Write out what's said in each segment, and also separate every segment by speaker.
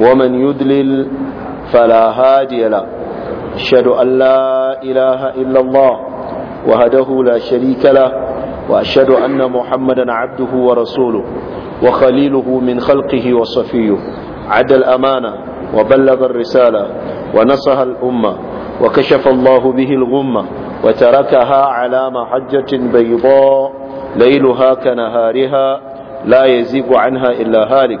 Speaker 1: ومن يدلل فلا هادي له أشهد أن لا إله إلا الله وهده لا شريك له وأشهد أن محمدا عبده ورسوله وخليله من خلقه وصفيه عد الأمانة وبلغ الرسالة ونصح الأمة وكشف الله به الغمة وتركها على محجة بيضاء ليلها كنهارها لا يزيغ عنها إلا هالك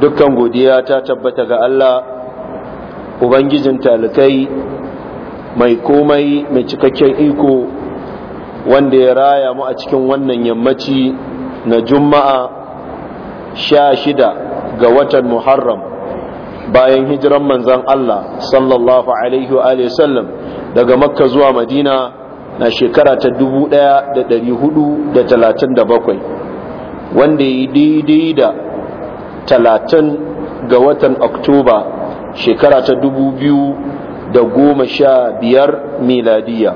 Speaker 1: dukkan godiya ta tabbata ga Allah ubangijin talikai mai komai mai cikakken iko wanda ya raya mu a cikin wannan yammaci na juma'a sha shida ga watan muharram bayan hijiran manzan Allah sallallahu alaihi wa daga makka zuwa madina na shekara ta bakwai, wanda ya yi daidai da talatin ga watan oktoba shekara ta dubu biyu da goma sha biyar miladiya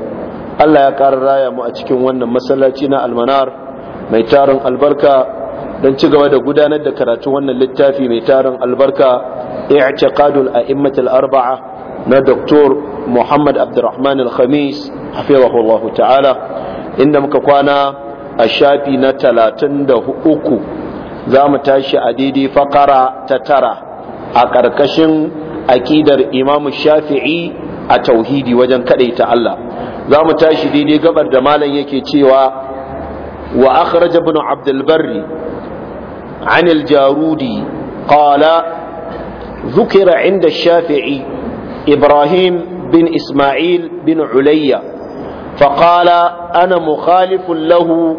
Speaker 1: allah ya ƙara raya mu a cikin wannan masallaci na almanar mai tarin albarka don ci gaba da gudanar da karatu wannan littafi mai tarin albarka i'tiqadul a'immatul arba'a na Dr. Muhammad Abdurrahman Al-Khamis hafizahullahu ta'ala inda muka kwana a shafi na 33 za mu tashi a daidai fakara ta tara a ƙarƙashin aƙidar imamu shafi'i a tauhidi wajen kaɗaita Allah za mu tashi daidai gabar da malam yake cewa wa akhraj ibn abdul barri عن الجارودي قال ذكر عند الشافعي إبراهيم bin إسماعيل بن عليا فقال أنا مخالف له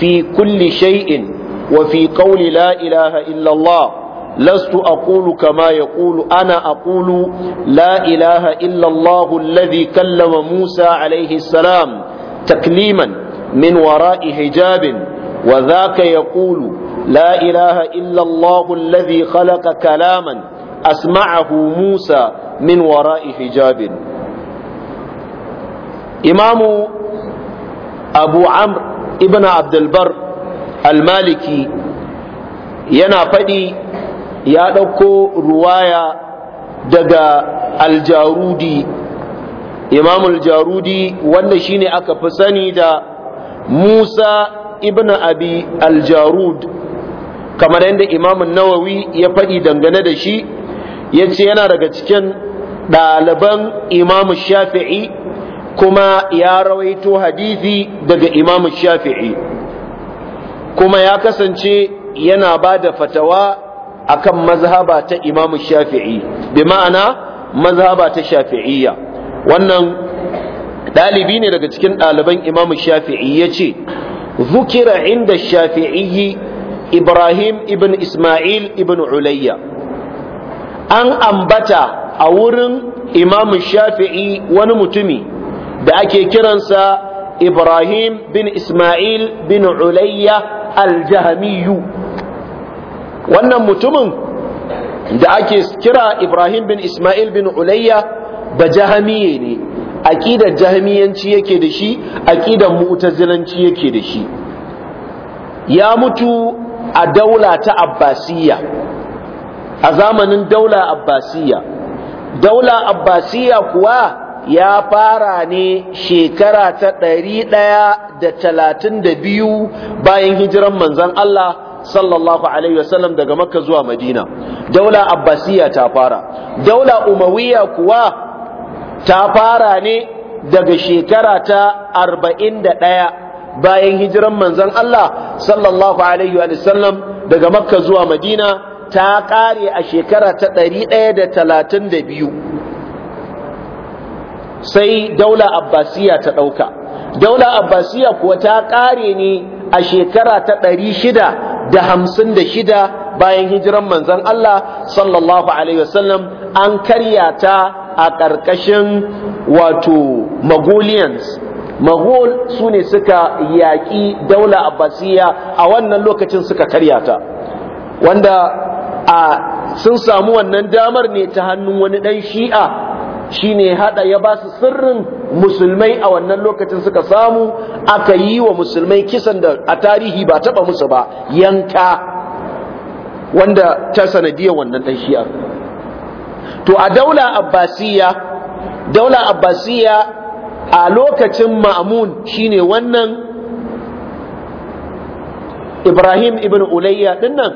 Speaker 1: في كل شيء وفي قول لا إله إلا الله لست أقول كما يقول أنا أقول لا إله إلا الله الذي كلم موسى عليه السلام تكليما من وراء حجاب وذاك يقول لا إله إلا الله الذي خلق كلاما أسمعه موسى من وراء حجاب إمام أبو عمرو ابن عبد البر almaliki yana faɗi ya ɗauko ruwaya daga aljarudi imam aljarudi wanda shine aka fi sani da musa ibn abi aljarud kamar yadda imam nawawi ya faɗi dangane da shi ya ce yana daga cikin ɗaliban imam shafi'i kuma ya rawaito hadithi daga imam shafi'i kuma ya kasance yana ba da fatawa akan mazhaba ta imam shafi'i bi ma'ana mazhaba ta shafi'iyya wannan ɗalibi ne daga cikin ɗaliban imam shafi'i ya ce zukira inda shafi'i ibrahim ibn ismail ibn ulayya an ambata a wurin imam shafi'i wani mutumi da ake kiransa ibrahim bin ismail bin ulayya aljahamiyu wannan mutumin da ake kira ibrahim bin ismail bin ulayya ba jahamiye ne aƙidar jahamiyanci yake da shi aƙidar mu'tazilanci yake da shi ya mutu a daula ta abbasiyya a zamanin daula abbasiyya daula abbasiyya kuwa ya fara ne shekara ta ɗari ɗaya da talatin da biyu bayan hijiran manzan Allah sallallahu alaihi wasallam daga makka zuwa madina daula abbasiya ta fara daula umawiya kuwa ta fara ne daga shekara ta arba'in da ɗaya bayan hijiran manzan Allah sallallahu alaihi wasallam daga makka zuwa madina ta ƙare a shekara ta ɗari ɗaya da talatin da biyu sai daula abbasiya ta ɗauka daula abbasiya kuwa ta ƙare ne a shekara ta ɗari shida da hamsin da shida bayan hijiran manzon Allah sallallahu alaihi wasallam an karya ta a ƙarƙashin wato Magolians. Magol su ne suka yaƙi daula abbasiya a wannan lokacin suka karya ta wanda a sun samu wannan damar ne ta hannun wani ɗan shi'a shine hada ya ba su sirrin musulmai a wannan lokacin suka samu aka yi wa musulmai kisan da a tarihi ba taba musu ba yanka wanda ta sanadiyar wannan ɗan shi'a to a daula abbasiya daula abbasiya a lokacin ma'amun shi ne wannan Ibrahim ibn Ulayya dinnan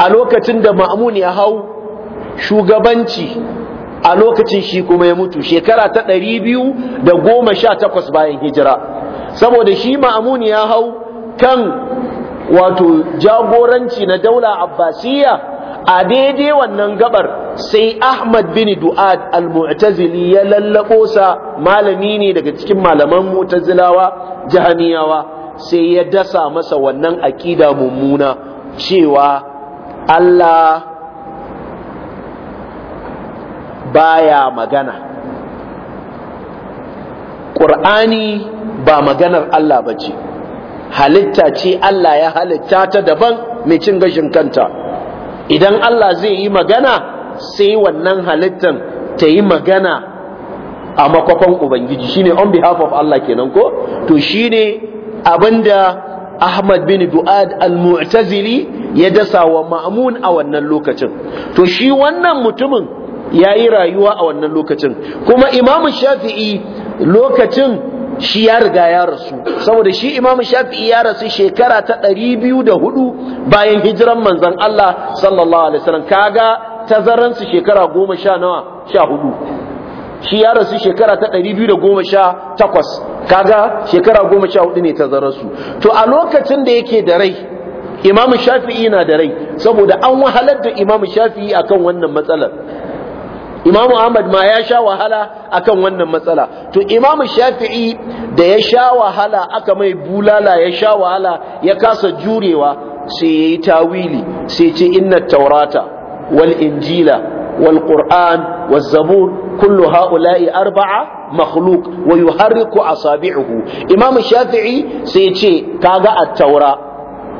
Speaker 1: a lokacin da ma'amun ya hau shugabanci a lokacin shi kuma ya mutu shekara ta ɗari biyu da goma sha takwas bayan hijira saboda shi ma'amun ya hau kan wato jagoranci na daula abbasiya a daidai wannan gabar sai ahmad bin du'ad al-mu'tazili ya lallabo sa malami ne daga cikin malaman mu'tazilawa jahaniyawa sai ya dasa masa wannan aƙida mummuna cewa Allah baya magana ƙur'ani ba maganar Allah ba ce halitta ce Allah ya halitta ta daban mai cin gashin kanta idan Allah zai yi magana sai wannan halittan ta yi magana a makwafan Ubangiji shine on behalf of Allah kenan ko to shine abinda Ahmad bin Du'ad al-Mu'tazili ya dasa wa Ma'mun a wannan lokacin to shi wannan mutumin ya yi rayuwa a wannan lokacin kuma imamu shafi'i lokacin shi ya riga ya rasu saboda shi imamu shafi'i ya rasu shekara ta ɗari biyu da hudu bayan hijiran manzan Allah sallallahu alaihi wasallam kaga tazaransu shekara goma sha nawa sha hudu shi ya rasu shekara ta ɗari biyu da goma sha takwas kaga shekara goma sha hudu ne tazaransu to a lokacin da yake da rai imamu shafi'i na da rai saboda an wahalar da imamu shafi'i akan wannan matsalar Imam Ahmad ma ya sha wahala akan wannan matsala to Imam Shafi'i da ya sha wahala aka mai bulala ya sha wahala ya kasa jurewa sai yayi tawili sai ce inna taurata wal injila wal qur'an wal zabur kullu ha'ula'i arba'a makhluq wa yuharriku asabi'uhu Imam Shafi'i sai ce kaga at-taura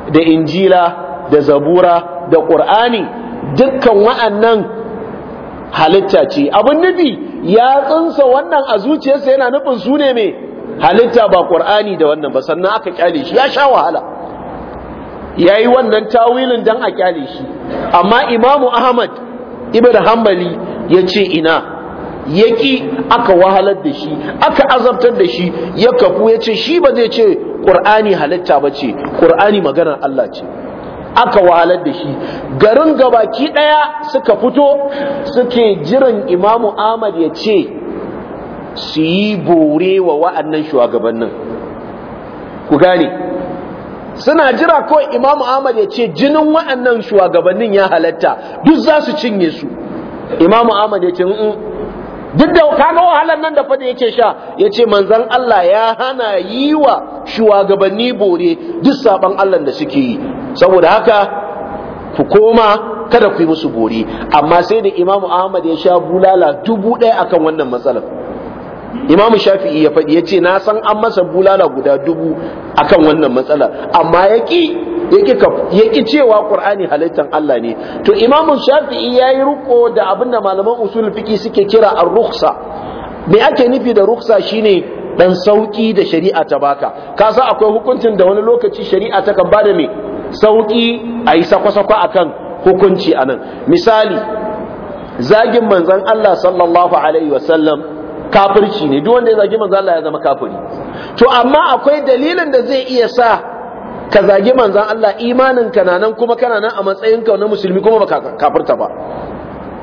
Speaker 1: da injila da zabura da qur'ani dukkan wa'annan halitta ce abin nufi ya tsinsa wannan a zuciyarsa yana nufin su ne mai halitta ba ƙur'ani da wannan ba sannan aka kyale shi ya sha wahala ya yi wannan tawilin don a kyale shi amma imamu ahmad ibn hambali ya ce ina yaƙi aka wahalar da shi aka azabtar da shi ya kafu ya ce shi ba zai ce ƙur'ani halitta ba ce ƙur'ani maganar allah ce aka wahalar da shi garin gabaki ɗaya suka fito suke jiran imamu ahmad ya ce su yi bore wa wa'annan shugabannin ku gane suna jira kawai imamu ahmad ya ce jinin wa'annan shugabannin ya halatta duk za su cinye su imamu ahmad ya ce duk da kaga wahalar nan da fada yake sha yace manzon Allah ya hana yi wa shugabanni bore duk saban Allah da suke yi saboda haka ku koma kada ku yi musu bori amma sai da imamu ahmad ya sha bulala dubu ɗaya akan wannan matsalar imamu shafi'i ya faɗi ya ce na san an masa bulala guda dubu akan wannan matsalar amma ya ƙi cewa ƙur'ani halittar Allah ne to imamu shafi'i ya yi riko da abin da malaman usul fiki suke kira a ruksa me ake nufi da ruksa shine dan sauƙi da shari'a ta baka ka akwai hukuncin da wani lokaci shari'a ta kan bada mai sauki a yi sakwa-sakwa a kan hukunci a nan misali zagin manzan Allah sallallahu alaihi wasallam kafirci ne duk wanda ya zagi manzan Allah ya zama kafiri to amma akwai dalilin da zai iya sa ka zagi manzan Allah imanin ka nan kuma kana nan a matsayin ka na musulmi kuma baka kafirta ba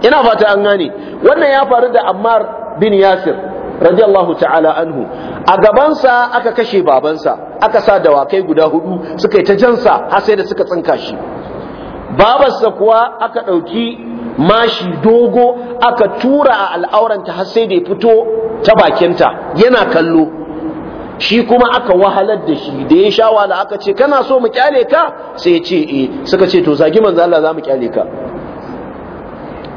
Speaker 1: ina fata an gane wannan ya faru da Ammar bin Yasir radiyallahu ta'ala anhu a gabansa aka kashe babansa aka sa dawakai guda hudu suka yi ta jansa har sai da suka tsinka shi babarsa kuwa aka ɗauki mashi dogo aka tura a al'auranta har sai da ya fito ta bakinta yana kallo shi kuma aka wahalar da shi da ya sha wahala aka ce kana so mu kyale ka sai ya ce eh suka ce to zagi manzo Allah za mu kyale ka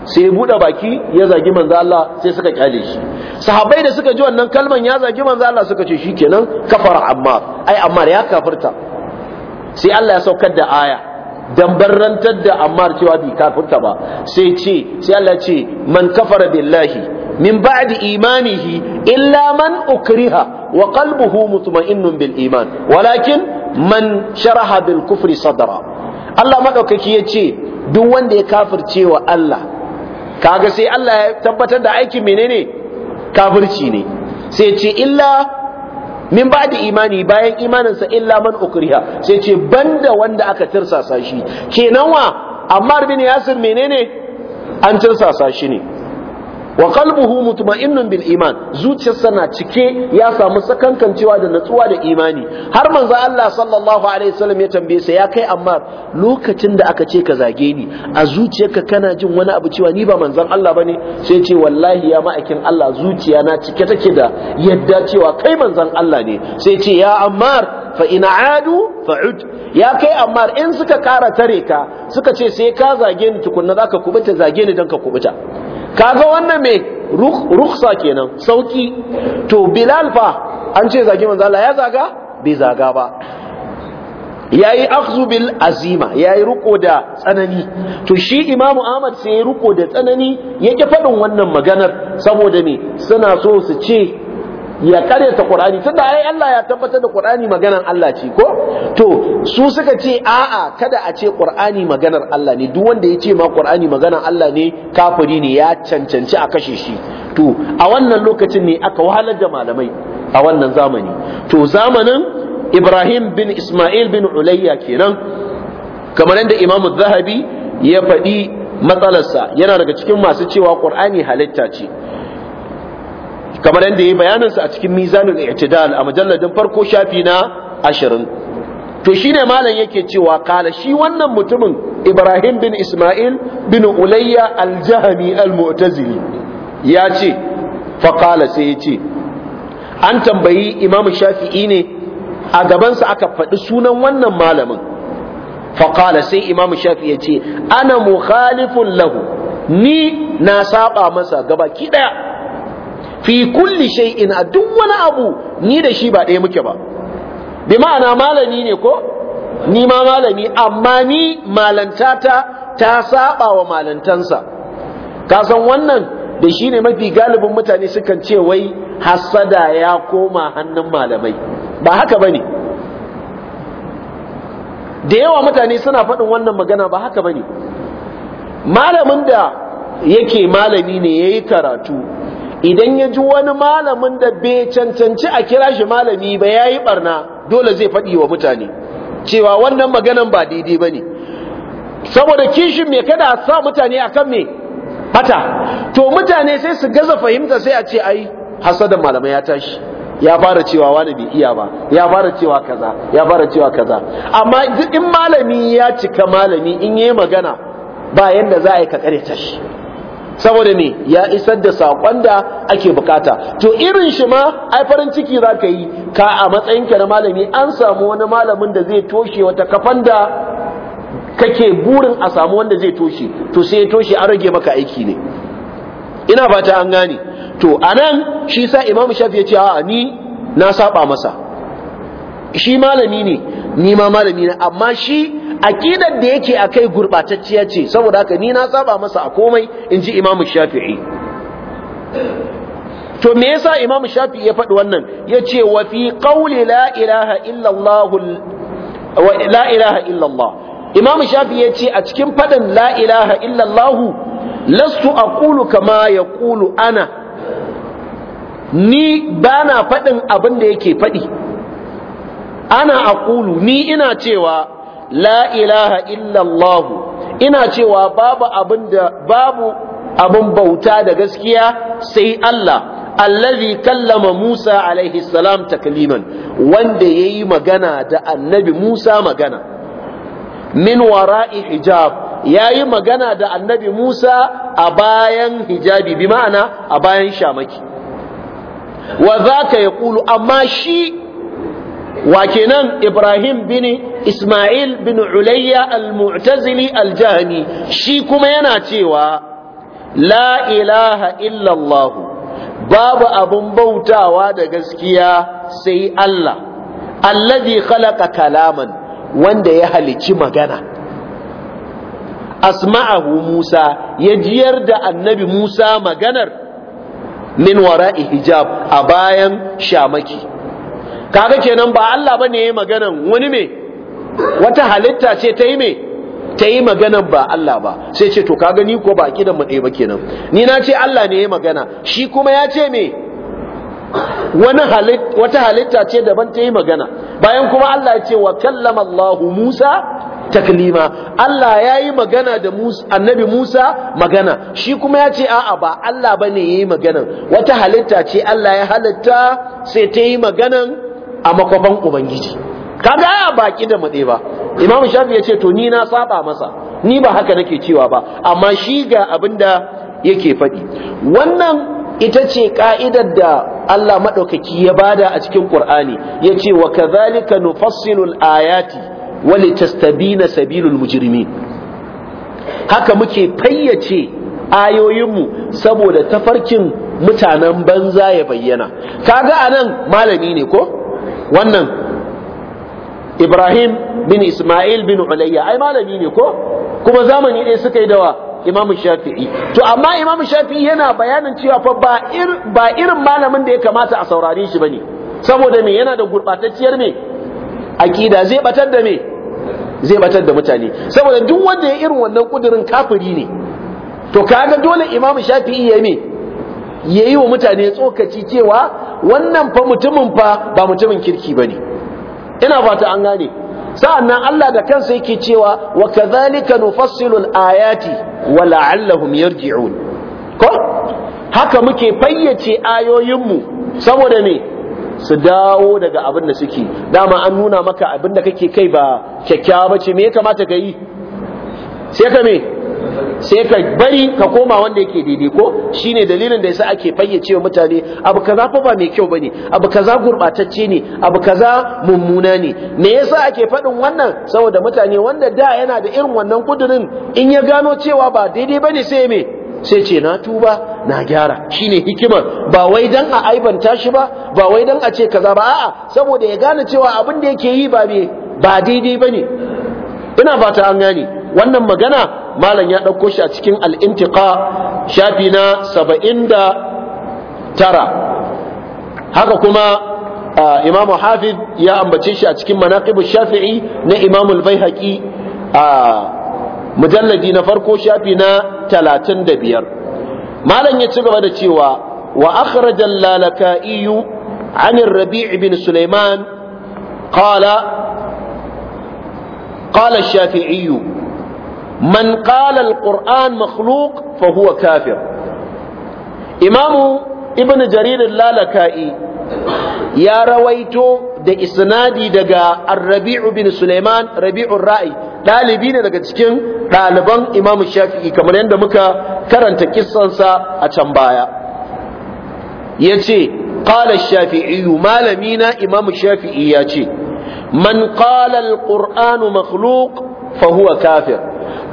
Speaker 1: sai ya bude baki ya zagi manzo Allah sai suka kyale shi sahabbai da suka ji wannan kalman ya zagi manzo Allah suka ce shikenan kafara ammar ai ammar ya kafirta sai Allah ya saukar da aya dan barrantar da ammar cewa bai kafirta ba sai ce sai Allah ce man kafara billahi min ba'di imanihi illa man ukriha wa qalbuhu mutma'innun bil iman walakin man sharaha bil kufri sadra Allah madaukaki ya ce duk wanda ya kafirce wa Allah kaga sai Allah ya tabbatar da aikin menene kafirci ne sai ce illa min ba da imani bayan imaninsa illa man ukriha sai ce banda wanda aka tirsasa shi kenan wa amma bin yasir menene an tirsasa shi ne wa qalbuhu mutma'innun bil iman zuciyarsa na cike ya samu sakankancewa da natsuwa da imani har manzo Allah sallallahu alaihi wasallam ya tambaye sa ya kai amma lokacin da aka ce ka zage ni a zuciyarka kana jin wani abu cewa ni ba manzon Allah bane sai ce wallahi ya ma'aikin Allah zuciya na cike take da yadda cewa kai manzon Allah ne sai ce ya ammar fa a'adu fa'ud ya kai amma in suka kara tare ka suka ce sai ka zage ni tukunna zaka kubuta zage ni dan ka kubuta kaga wannan mai rukhsa kenan sauki to bilal fa an ce zagi manzo Allah ya zaga bai zaga ba yayi akhzu bil azima yayi ruko da tsanani to shi imamu ahmad sai ya ruko da tsanani yake faɗin wannan maganar saboda me suna so su ce ya karyata Qur'ani tunda ai Allah ya tabbatar da Qur'ani maganar Allah ce ko to su suka ce a'a kada a ce Qur'ani maganar Allah ne duk wanda ya ce ma Qur'ani maganar Allah ne kafiri ne ya cancanci a kashe shi to a wannan lokacin ne aka wahalar da malamai a wannan zamani to zamanin Ibrahim bin Ismail bin Ulayya kenan kamar yadda Imam Zahabi ya faɗi matsalarsa yana daga cikin masu cewa Qur'ani halitta ce kamar yadda ya yi bayaninsa a cikin mizanin i'tidal a majalladin farko shafi na ashirin to shi ne malam yake cewa kala shi wannan mutumin ibrahim bin isma'il bin ulayya al al-mu'tazili ya ce fa kala sai ya ce an tambayi Imam shafi'i ne a gabansa aka faɗi sunan wannan malamin fa kala sai imamu shafi'i ya ce ana mukhalifun lahu ni na saba masa ki ɗaya fi kulli shay'in a duk wani abu ni da shi ba ɗaya muke ba bi ma'ana malami ne ko ni ma malami amma ni malantata ta saba wa malantansa Kasan wannan da shi ne mafi galibin mutane sukan ce wai hasada ya koma hannun malamai ba haka ba ne. da yawa mutane suna faɗin wannan magana ba haka ba ne. malamin da yake malami ne ya yi karatu idan ya ji wani malamin da bai cancanci a kira shi malami ba ya yi ɓarna dole zai faɗi wa mutane cewa wannan maganan ba daidai ba ne saboda kishin mai kada a sa mutane a kan mai hata to mutane sai su gaza fahimta sai a ce ai hasadan malamai ya tashi ya fara cewa wani bai iya ba ya fara cewa kaza ya fara cewa kaza amma in malami ya cika malami in yi magana ba yanda za a yi ka karyata shi saboda me ya isar da sakon da ake bukata to irin shi ma ai farin ciki za ka yi ka a matsayinka na malami an samu wani malamin da zai toshe wata kafan da kake burin a samu wanda zai toshe to sai ya toshe an rage maka aiki ne ina fata an gane to anan shi sa imamu shafi ya ce a ni na saba masa shi malami ne ni ma malami na amma shi aqidar da yake akai gurbatacciya ce saboda haka ni na saba masa a komai inji imamu shafi'i to me yasa imamu shafi'i ya faɗi wannan yace wa fi qawli la ilaha illa allah la ilaha illa allah imamu shafi'i yace a cikin faɗin la ilaha illa allah lastu aqulu kama yaqulu ana ni bana faɗin abin da yake faɗi ana aqulu ni ina cewa la ilaha illallah ina cewa babu abin da babu abin bauta da gaskiya sai Allah allazi kallama Musa alaihi salam takliman wanda yayi magana da annabi Musa magana min wara'i hijab yayi magana da annabi Musa a bayan hijabi bi ma'ana a bayan shamaki wa zaka yaqulu amma shi wa Ibrahim bin Ismail bin Ulayya al-Mu'tazili al-Jahmi shi kuma yana cewa la ilaha illa Allah babu abun bautawa da gaskiya sai Allah allazi khalaqa kalaman wanda ya halici magana asma'ahu Musa ya jiyar da annabi Musa maganar min wara'i hijab a bayan shamaki kaga kenan ba Allah bane yayi maganan wani me wata halitta ce ta yi me ta yi maganan ba Allah ba sai ce to kaga ni ko ba akidan mu dai ba kenan ni na ce Allah ne yayi magana shi kuma ya ce me wani halitta wata halitta ce daban ta yi magana bayan kuma Allah ya ce wa kallama Allah Musa taklima Allah ya yi magana da annabi Musa magana shi kuma ya ce a'a ba Allah ba ne ya yi wata halitta ce Allah ya halitta sai ta yi maganan a makwafan ubangiji kaga ya baki da matse ba imam shafi ya ce to ni na saba masa ni ba haka nake cewa ba amma shi ga abin da yake faɗi wannan ita ce ƙa'idar da Allah maɗaukaki ya bada a cikin Qur'ani ya ce wa kazalika nufassilul ayati wa litastabina sabilul mujrimin haka muke fayyace ayoyinmu saboda tafarkin mutanen banza ya bayyana kaga anan malami ne ko wannan Ibrahim bin Ismail bin Ulayya ai malami ne ko kuma zamani ɗaya suka yi dawa Imam Shafi'i to amma Imam Shafi'i yana bayanin cewa fa ba ir, ba irin malamin da ya kamata a saurare shi bane saboda me yana da gurbatacciyar me akida zai batar da me zai batar da mutane saboda duk wanda ya irin wannan kudirin kafiri ne to kaga dole Imam Shafi'i ya me Yayi wa mutane tsokaci cewa wannan fa mutumin fa ba mutumin kirki bane, ina fata an gane sa'annan Allah da kansa yake cewa wa kadhalika nufassilu alayati ayati wa la'allahum yarji'un ko haka muke fayyace ayoyinmu saboda me su dawo daga abin da suke dama an nuna maka abin da kake kai ba kyakkyawa bace me ya kamata ka yi sai ka me sai ka bari ka koma wanda yake daidai ko shine dalilin da yasa ake fayyace wa mutane abu kaza fa ba mai kyau bane abu kaza gurbatacce ne abu kaza mummuna ne me yasa ake faɗin wannan saboda mutane wanda da yana da irin wannan kudirin in ya gano cewa ba daidai bane sai me sai ce na tuba na gyara shine hikimar ba wai dan a aibanta shi ba ba wai dan a ce kaza ba a'a saboda ya gane cewa abin da yake yi ba ba daidai bane ina fata an gane wannan magana malam ya ɗauko shi a cikin al'intiƙa shafi na saba'in da tara haka kuma imamu hafiz ya ambace shi a cikin manaƙibu shafi'i na imamul bai a mujalladi na farko shafi na talatin da biyar malam ya ci gaba da cewa wa akhrajal lalaka'iyu عن Rabi bin Sulaiman قال قال الشافعي man qala alquran makhluq fa huwa kafir imamu ibn jarir al ya rawaito da isnadi daga ar-rabi'u bin sulaiman rabi'ur ra'i ɗalibi ne daga cikin ɗaliban imamu shafi'i kamar yadda muka karanta kissansa a can baya ya ce ƙalar shafi'iyu malami na imamu shafi'i ya ce man ƙalar ƙur'anu makhluk fahuwa kafir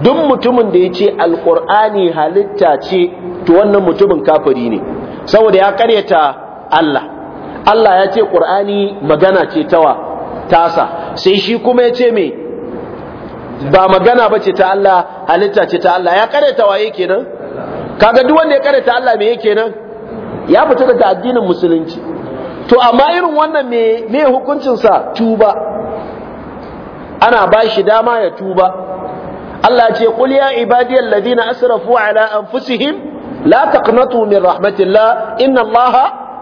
Speaker 1: duk mutumin da ya ce alkur'ani halitta ce to wannan mutumin kafiri ne saboda ya karyata Allah Allah ya ce ƙur'ani magana ce tawa tasa sai shi kuma ya ce me ba magana ba ce ta Allah halitta ce ta Allah ya karyata waye kenan kaga duk wanda ya karyata Allah me yake nan ya fita daga addinin musulunci to amma irin wannan me me hukuncin sa tuba ana ba shi dama ya tuba Allah ce qul ya ibadiyal ladina asrafu ala anfusihim la taqnatu min rahmatillah inna Allah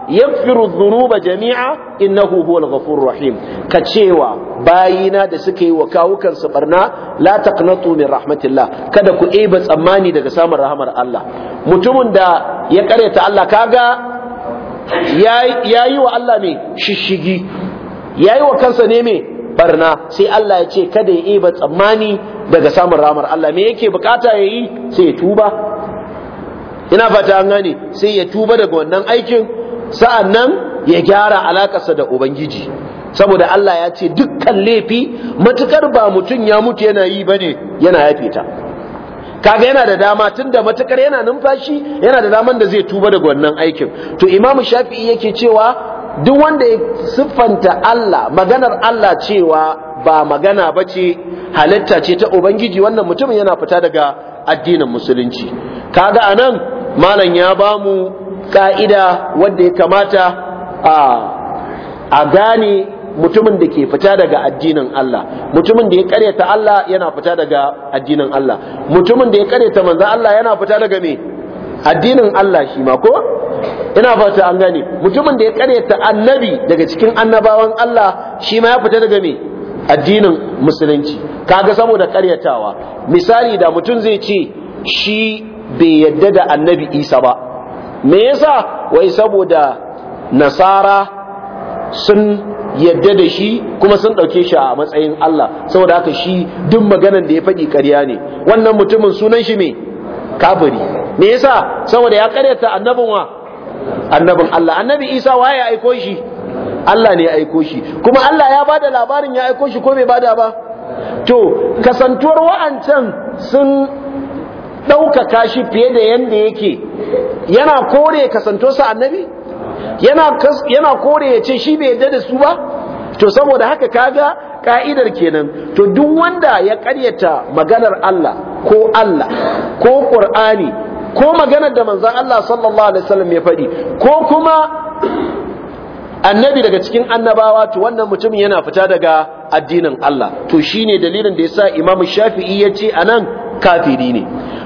Speaker 1: yaghfiru dhunuba jami'a innahu huwal ghafurur rahim ka cewa bayina da suka yi wa kawukan su barna la taqnatu min rahmatillah kada ku eba tsammani daga samun rahmar Allah mutumin da ya kareta Allah kaga yayi wa Allah ne shishigi yayi wa kansa ne me barna sai Allah ya ce kada ya iba tsammani daga samun ramar Allah me yake bukata ya yi sai ya tuba ina fata an gane sai ya tuba daga wannan aikin sa'an nan ya gyara alakarsa da ubangiji saboda Allah ya ce dukkan laifi matukar ba mutum ya mutu yana yi ba ne yana yafe ta kaga yana da dama tunda matukar yana numfashi yana da daman da zai tuba daga wannan aikin to Imam Shafi'i yake cewa duk wanda ya siffanta Allah maganar Allah cewa ba magana ba ce halitta ce ta ubangiji wannan mutumin yana fita daga addinin musulunci kaga a nan malam ya ba mu ka'ida wanda ya kamata a gane mutumin da ke fita daga addinin Allah mutumin da ya karyata Allah yana fita daga addinin Allah mutumin da ya karyata manzan Allah yana fita daga me addinin Allah shi ma ko ina fata an gane mutumin da ya karyata annabi daga cikin annabawan Allah shi ma ya fita daga me addinin musulunci kaga saboda karyatawa misali da mutum zai ce shi bai yadda da annabi Isa ba me yasa wai saboda nasara sun yadda da shi kuma sun ɗauke shi a matsayin Allah saboda haka shi duk maganan da ya faɗi ƙarya ne wannan mutumin sunan shi me kafiri me yasa saboda ya karyata annabin wa annabin Allah annabi Isa wa ya aiko shi Allah ne ya aiko shi kuma Allah ya bada labarin ya aiko shi ko bai bada ba to kasantuwar wa'ancan sun ɗaukaka shi fiye da yanda yake yana kore kasantuwarsa annabi yana yana kore ya ce shi bai yadda da su ba to saboda haka kaga ka'idar kenan to duk wanda ya karyata maganar Allah ko Allah ko Qur'ani ko maganar da manzon Allah sallallahu alaihi wasallam ya faɗi ko kuma annabi daga cikin annabawa to wannan mutumin yana fita daga addinin Allah to shine dalilin da ya sa Imam Shafi'i ya ce anan kafiri ne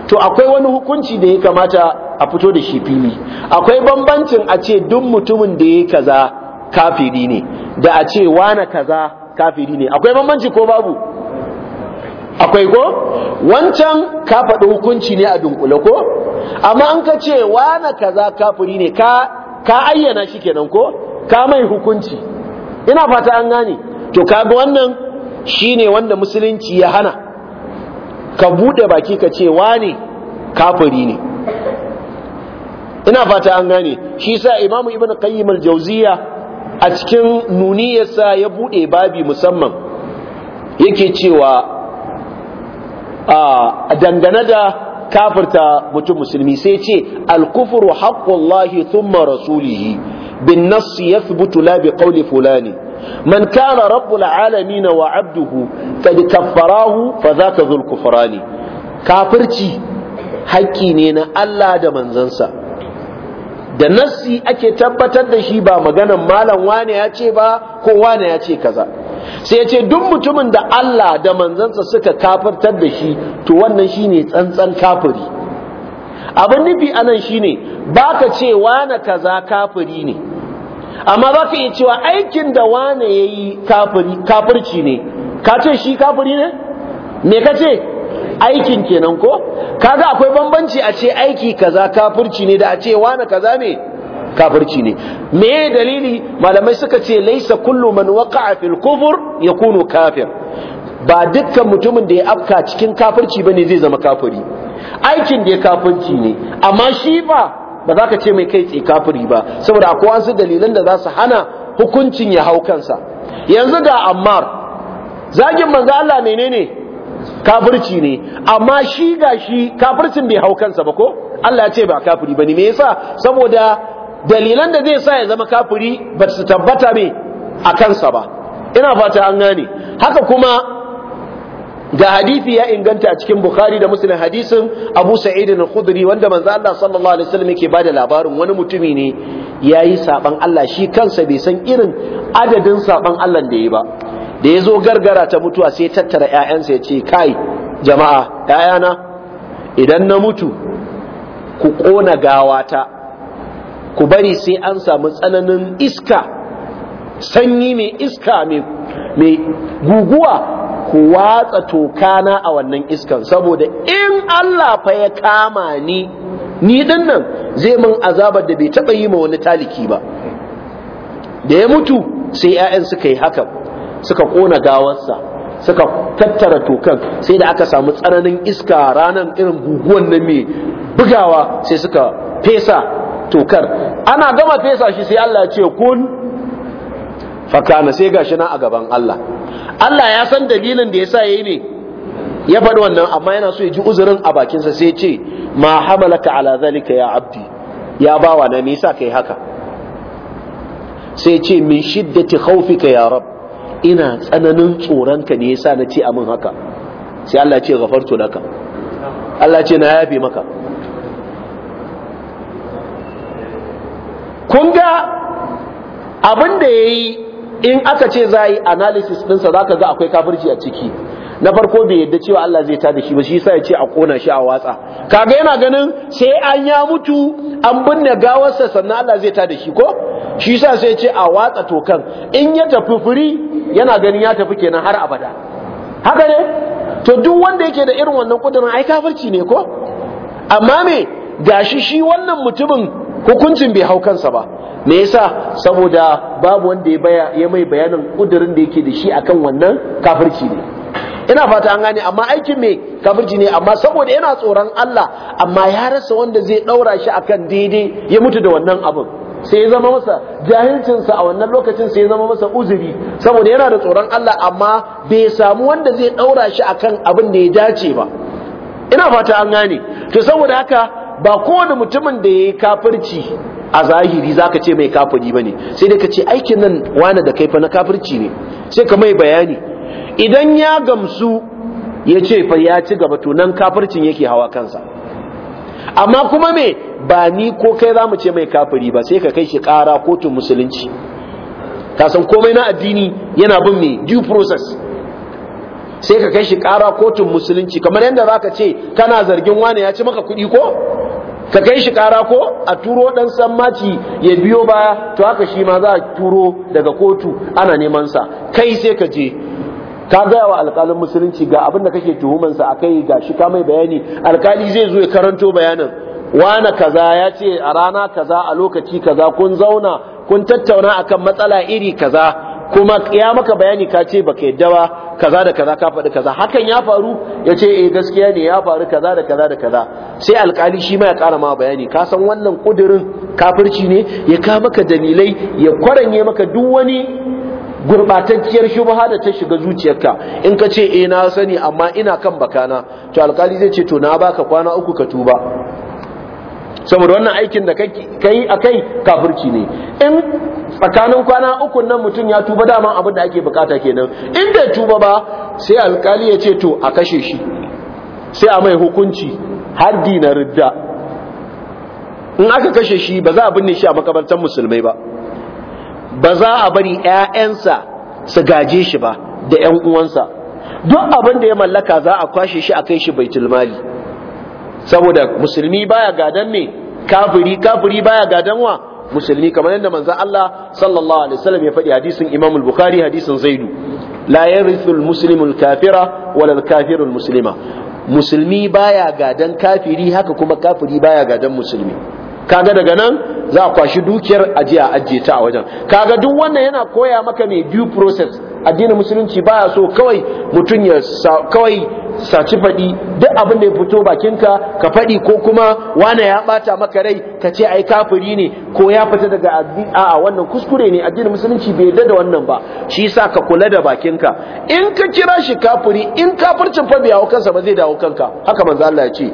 Speaker 1: to akwai wani hukunci da ya kamata a fito da shi fili akwai bambancin a ce duk mutumin da ya kaza kafiri ne da a ce wana kaza kafiri ne akwai bambanci ko babu akwai ko wancan ka faɗi hukunci ne a dunkule ko amma an ka ce wane kaza kafiri ne ka ka ayyana shi kenan ko ka mai hukunci ina fata an gane to kaga wannan shine wanda musulunci ya hana ka bude baki ka ce wane kafiri ne ina fata an gane shi sa imamu ibn qayyim al-jawziya a cikin nuniyarsa ya bude babi musamman yake cewa dangane da kafirta mutum musulmi sai ce alkufuru haƙƙullahi thumma rasulihi bin ya fi la bi qawli fulani man kana rabbul na wa abduhu qad kaffarahu fa dhaka dhul kufrani kafirci haƙƙi ne na Allah da manzansa da nassi ake tabbatar da shi ba maganan malam wane ya ce ba ko wane ya ce kaza sai ya ce duk mutumin da Allah da manzansa suka kafirtar da shi to wannan shine tsantsan kafiri abin nufi anan shine baka ce wane kaza kafiri ne amma baka iya cewa aikin da wane yayi kafiri kafirci ne ka ce shi kafiri ne me ka ce aikin kenan ko kaga akwai bambanci a ce aiki kaza kafirci ne da a ce wane kaza ne kafirci ne me dalili malamai suka ce laisa kullu man waqa'a fil kufur yakunu kafir ba dukkan mutumin da ya afka cikin kafirci bane zai zama kafiri aikin da ya kafirci ne amma shi ba ba za ka ce mai kai tsaye kafiri ba saboda akwai wasu dalilan da za su hana hukuncin ya hau kansa yanzu ga ammar zagin manzo Allah menene kafirci ne amma shi ga shi kafircin bai hau kansa ba ko Allah ya ce ba kafiri bane me yasa saboda dalilan da zai sa ya zama kafiri ba su tabbata me a kansa ba ina fata an gane haka kuma ga hadisi ya inganta a cikin bukhari da muslim hadisin abu sa'id al-khudri wanda manzo Allah sallallahu alaihi wasallam yake bada labarin wani mutumi ne yayi saban Allah shi kansa bai san irin adadin saban Allah da yayi ba da yazo gargara ta mutuwa sai tattara ƴaƴansa ya ce kai jama'a ƴaƴana idan na mutu ku ƙona gawata ku bari sai an samu tsananin iska sanyi mai iska mai guguwa ku watsa tokana a wannan iskan saboda in Allah fa ya kama ni ni din nan zai min azabar da bai taɓa yi ma wani taliki ba da ya mutu sai 'ya'yan suka yi haka suka kona gawarsa suka tattara tokan sai da aka samu tsananin iska ranar irin guguwan nan mai bugawa sai suka fesa tokar ana gama fesa shi sai Allah ya ce kun fakana sai shi nan a gaban Allah Allah ya san dalilin da yasa yayi ne ya faɗi wannan amma yana so ya ji uzurin a bakinsa sai ce ma hamalaka ala zalika ya abdi ya bawa na me yasa kai haka sai ce min shiddati khawfika ya rab ina tsananin tsoronka ne yasa na ce amin haka sai Allah ya ce ghafartu laka Allah ya ce na yafe maka kun ga abin da ya yi in aka ce za a yi analysis ɗinsa za ka ga akwai kafirci a ciki na farko bai yadda cewa Allah zai tada shi ba shi sa ya ce a kona shi a watsa kaga yana ganin sai an ya mutu an binne gawarsa sannan Allah zai tada shi ko shi sa sai ce a watsa tokan in ya tafi firi yana ganin ya tafi kenan har abada haka ne to duk wanda yake da irin wannan kudurin ai kafirci ne ko amma me gashi shi wannan mutumin hukuncin bai hau kansa ba me yasa saboda babu wanda ya baya ya mai bayanin kudirin da yake da shi akan wannan kafirci ne ina fata an gane amma aikin me kafirci ne amma saboda yana tsoron Allah amma ya rasa wanda zai daura shi akan daidai ya mutu da wannan abin sai ya zama masa jahilcinsa a wannan lokacin sai ya zama masa uzuri saboda yana da tsoron Allah amma bai samu wanda zai daura shi akan abin da ya dace ba ina fata an gane to saboda haka ba kowane mutumin da ya yi kafirci a zahiri za ka ce mai kafiri ne, sai dai ka ce aikin nan wani da kai na kafirci ne sai ka mai bayani idan ya gamsu ya ce fa ya ci gaba to nan kafircin yake hawa kansa amma kuma me ba ni ko kai za mu ce mai kafiri ba sai ka kai shi kara kotun musulunci kasan komai na addini yana bin mai due process sai ka kai shi kara kotun musulunci kamar yadda za ka ce kana zargin wani ya ci maka kuɗi ko ka kai shi kara ko a turo ɗan sammaci ya biyo baya to haka shi ma za a turo daga kotu ana neman sa kai sai ka je ka gaya wa alƙalin musulunci ga abin da kake tuhumansa a kai ga shi ka mai bayani alƙali zai zo ya karanto bayanin wana kaza ya ce a rana kaza a lokaci kaza kun zauna kun tattauna akan matsala iri kaza kuma ya maka bayani ka ce baka yadda ba kaza da kaza ka faɗi kaza hakan ya faru ya ce eh gaskiya ne ya faru kaza da kaza da kaza sai alkali shi ma ya ƙara ma bayani ka san wannan ƙudurin kafirci ne ya ka maka dalilai ya kwaranye maka duk wani gurbatacciyar shubha da ta shiga zuciyarka in ka ce eh na sani amma ina kan bakana to alkali zai ce to na baka kwana uku ka tuba saboda wannan aikin da kai a kai kafirci ne in tsakanin kwana uku nan mutum ya tuba dama abin da ake bukata kenan in bai tuba ba sai alkali ya ce to a kashe shi sai a mai hukunci har na ridda in aka kashe shi ba za a binne shi a makabartar musulmai ba ba za a bari 'ya'yansa su gaje shi ba da 'yan uwansa duk abin da ya mallaka za a kwashe shi a kai shi bai tilmali. saboda musulmi baya gadan me kafiri kafiri baya gadan wa musulmi kamar yadda manzo Allah sallallahu alaihi wasallam ya faɗi hadisin Imam al-Bukhari hadisin Zaidu la yarithu al-muslimu al-kafira wala al-kafiru al-muslima musulmi baya gadan kafiri haka kuma kafiri baya gadan musulmi kaga daga nan za a kwashi dukiyar ajiya ajiye ta a wajen kaga duk wannan yana koya maka mai due process addinin musulunci baya so kawai mutum ya kawai saci faɗi duk abin da ya fito bakinka ka faɗi ko kuma wane ya ɓata maka rai ka ce ai kafiri ne ko ya fita daga addini a wannan kuskure ne addinin musulunci bai yarda da wannan ba shi yasa ka kula da bakinka in ka kira shi kafiri in kafircin fa bai hawo kansa ba zai dawo kanka haka manzo Allah ya ce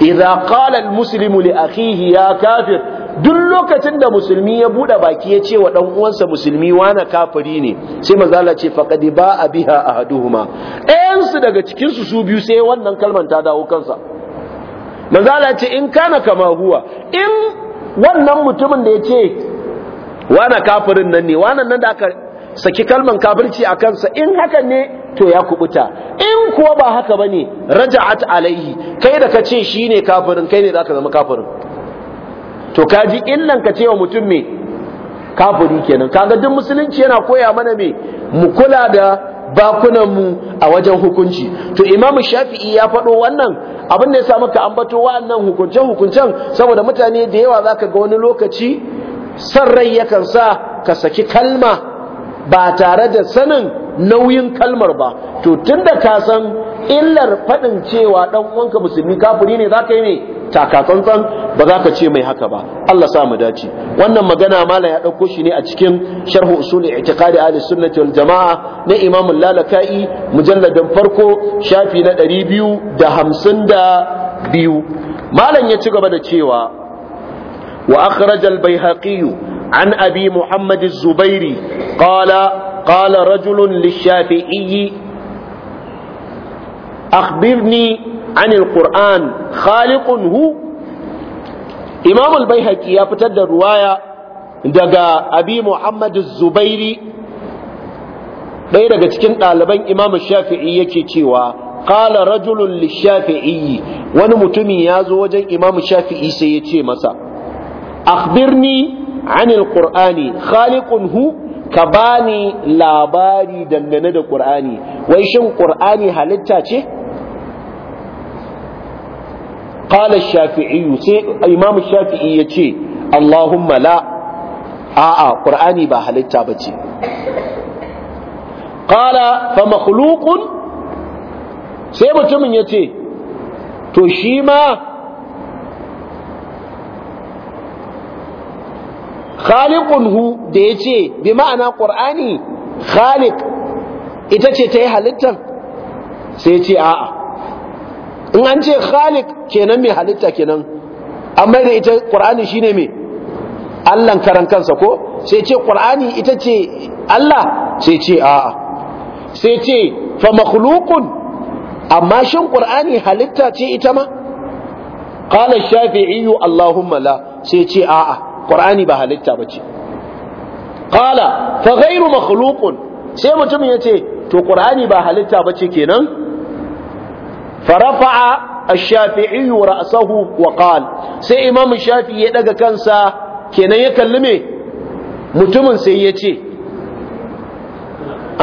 Speaker 1: idza qala al muslimu li akhihi ya kafir duk lokacin da musulmi ya bude baki ya ce wa dan uwansa musulmi wana kafiri ne sai manzo Allah ce faqad ba'a biha ahaduhuma ayan su daga cikin su su biyu sai wannan kalmar ta dawo kansa manzo Allah ce in kana kama huwa in wannan mutumin da ya ce wana kafirin nan ne wannan nan da aka saki kalman kafirci a kansa in haka ne to ya kubuta in kuwa ba haka bane raja'at alaihi kai da ka ce shine kafirin kai ne zaka zama kafirin to kaji illan ka cewa mutum me kafiri kenan kaga duk musulunci yana koya mana me mu kula da bakunan mu a wajen hukunci to imamu shafi'i ya faɗo wannan abin da ya sa ka ambato wa'annan hukunce hukuncen saboda mutane da yawa za ka ga wani lokaci san rai yakan sa ka saki kalma ba tare da sanin nauyin kalmar ba to tunda ka san illar faɗin cewa ɗan uwanka musulmi kafiri ne ka yi ne taka tsantsan ba za ka ce mai haka ba Allah sa mu dace wannan magana mala ya dauko shi ne a cikin sharhu usul i'tiqadi ahli sunnati wal jamaa na imam lalakai mujalladin farko shafi na 252 malan ya ci gaba da cewa wa akhraj al an abi muhammad az-zubairi qala قال رجل للشافعي anil qur'an khaliqun hu imam al-baihaqi ya fitar da ruwaya daga abi muhammad ɗaya daga cikin ɗaliban imam shafi'i yake cewa qala rajulun lishafi'i wani mutumin ya zo wajen imam shafi'i sai ya ce masa akhbirni anil qur'ani khaliqun hu ka bani labari dangane da qur'ani wai shin qur'ani halitta ce qala shafi'i sai imamu shafi'i ya ce allahumma la a'a qur'ani ba halitta bace qala famakluƙun sai mutumin ya ce to shi ma khaliqun hu da yace bi ma'ana qur'ani khaliq ita ce ta yi halittar sai ce a'a in an ce khalik kenan mai halitta kenan amma da ita qur'ani shine mai Allah karan kansa ko sai ce qur'ani ita ce Allah sai ce a'a sai ce fa makhluqun amma shin qur'ani halitta ce ita ma qala shafi'i allahumma la sai ce a'a qur'ani ba halitta bace qala fa ghairu makhluqun sai mutum ya ce to qur'ani ba halitta bace kenan فرفع الشافعي رأسه وقال سي إمام الشافعي يدق كنسا كنا يكلمه متمن سيتي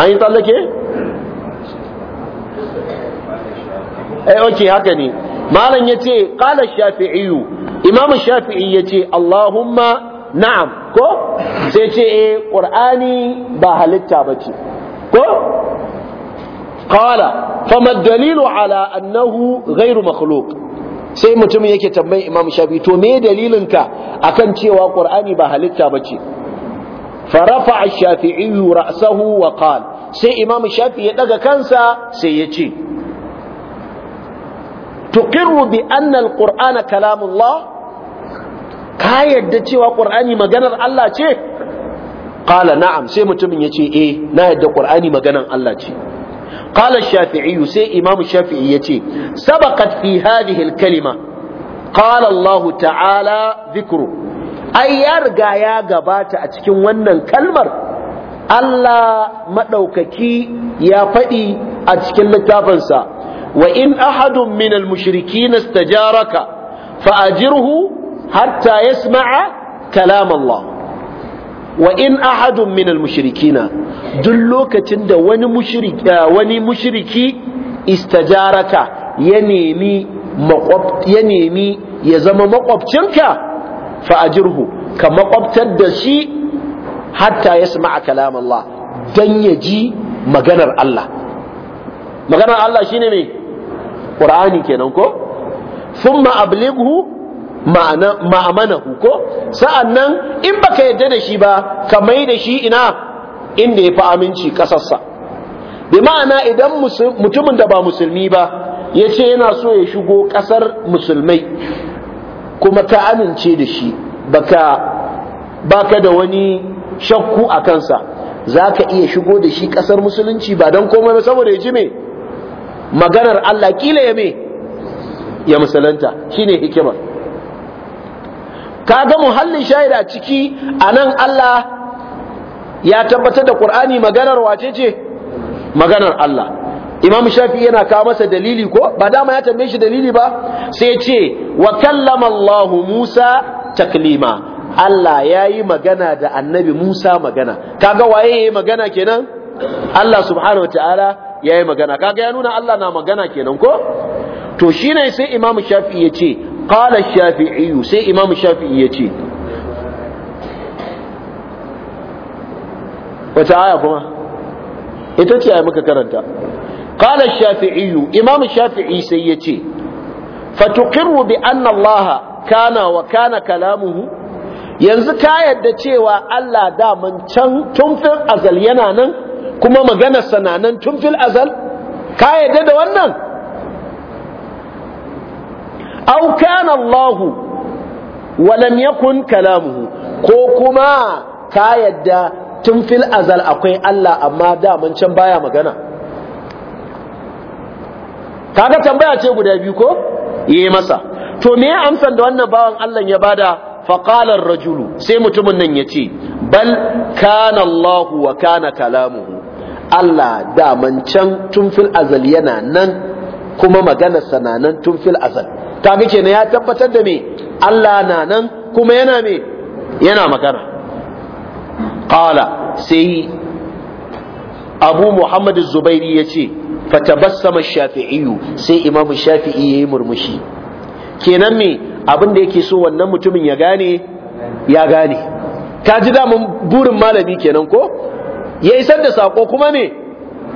Speaker 1: أين طلق أي أوكي هكذا مالا يتي قال الشافعي إمام الشافعي يتي اللهم نعم كو sai ce eh qur'ani ba halitta bace qala fama dalilu ala annahu ghairu makhluq sai mutum yake tambayi imam shafi to me dalilin ka akan cewa qur'ani ba halitta bace farafa ash-shafi'i ra'sahu wa qala sai imam shafi ya daga kansa sai ya ce tuqirru bi anna al-qur'ana kalamullah ka yadda cewa qur'ani maganar Allah ce qala na'am sai mutumin yace eh na yadda qur'ani maganar Allah ce qala shafi'i sai imam shafi'i yace sabaqat fi hadhihi al-kalima qala Allah ta'ala dhikru ai ya riga ya gabata a cikin wannan kalmar Allah maɗaukaki ya faɗi a cikin littafansa, wa in ahadun min al-mushrikin istajaraka fa ajirhu hatta yasma'a kalam wa in ahadun minal mushrikina duk lokacin da wani mushriki wani mushriki istajaraka ya nemi ya nemi ya zama makwabcinka fa ajirhu ka makwabtar da shi hatta ya sama'a kalam Allah dan ya ji maganar Allah maganar Allah shine me Qur'ani kenan ko thumma ablighu ma'ana ko ko sa'annan in baka yadda da shi ba ka mai da shi ina inda ya fi aminci kasarsa bi ma'ana idan mutumin da ba musulmi ba ya ce yana so ya shigo ƙasar musulmai kuma ka amince da shi baka baka da wani shakku a kansa za ka iya shigo da shi ƙasar musulunci ba don komai ba saboda ya ji me maganar Allah kila ya me ya musulunta shine hikimar Ka ga muhallin a ciki a nan Allah ya tabbatar da Qur'ani maganar wace ce maganar Allah Imam Shafi'i yana kawo masa dalili ko ba dama ya tambaye shi dalili ba sai ya ce wa kallama Allah Musa taklima Allah ya yi magana da annabi Musa magana kaga waye ya yi magana kenan Allah subhanahu wataala ya yi magana kaga ya nuna Allah na magana kenan ko to shine sai Imam Shafi'i ya ce qala shafi'i sai imamu shafi'i ya ce wata aya kuma karanta qala shafi'i imamu shafi'i sai ya ce bi anna kana wa kana kalamuhu yanzu ka yadda cewa Allah daman can tun fil azal yana nan kuma maganarsa na nan tun fil azal ka yadda da wannan aw kana Allah wa lam yakun kalamuhu ko kuma ka yadda tun fil azal akwai Allah amma da man can baya magana kaga tambaya ce guda biyu ko yi masa to me amsan da wannan bawan Allah ya bada faqala ar-rajulu sai mutumin nan yace bal kana Allah wa kana kalamuhu Allah da man can tun fil azal yana nan kuma maganar sananan tun fil azal kaga kenan ya tabbatar da me Allah na nan kuma yana me yana magana qala sai Abu Muhammad Zubairi ya ce fatabassama shafi'iyu sai Imam Shafi'i yayi murmushi kenan me abin da yake so wannan mutumin ya gane ya gane Ta ji damun burin malami kenan ko ya isar da sako kuma me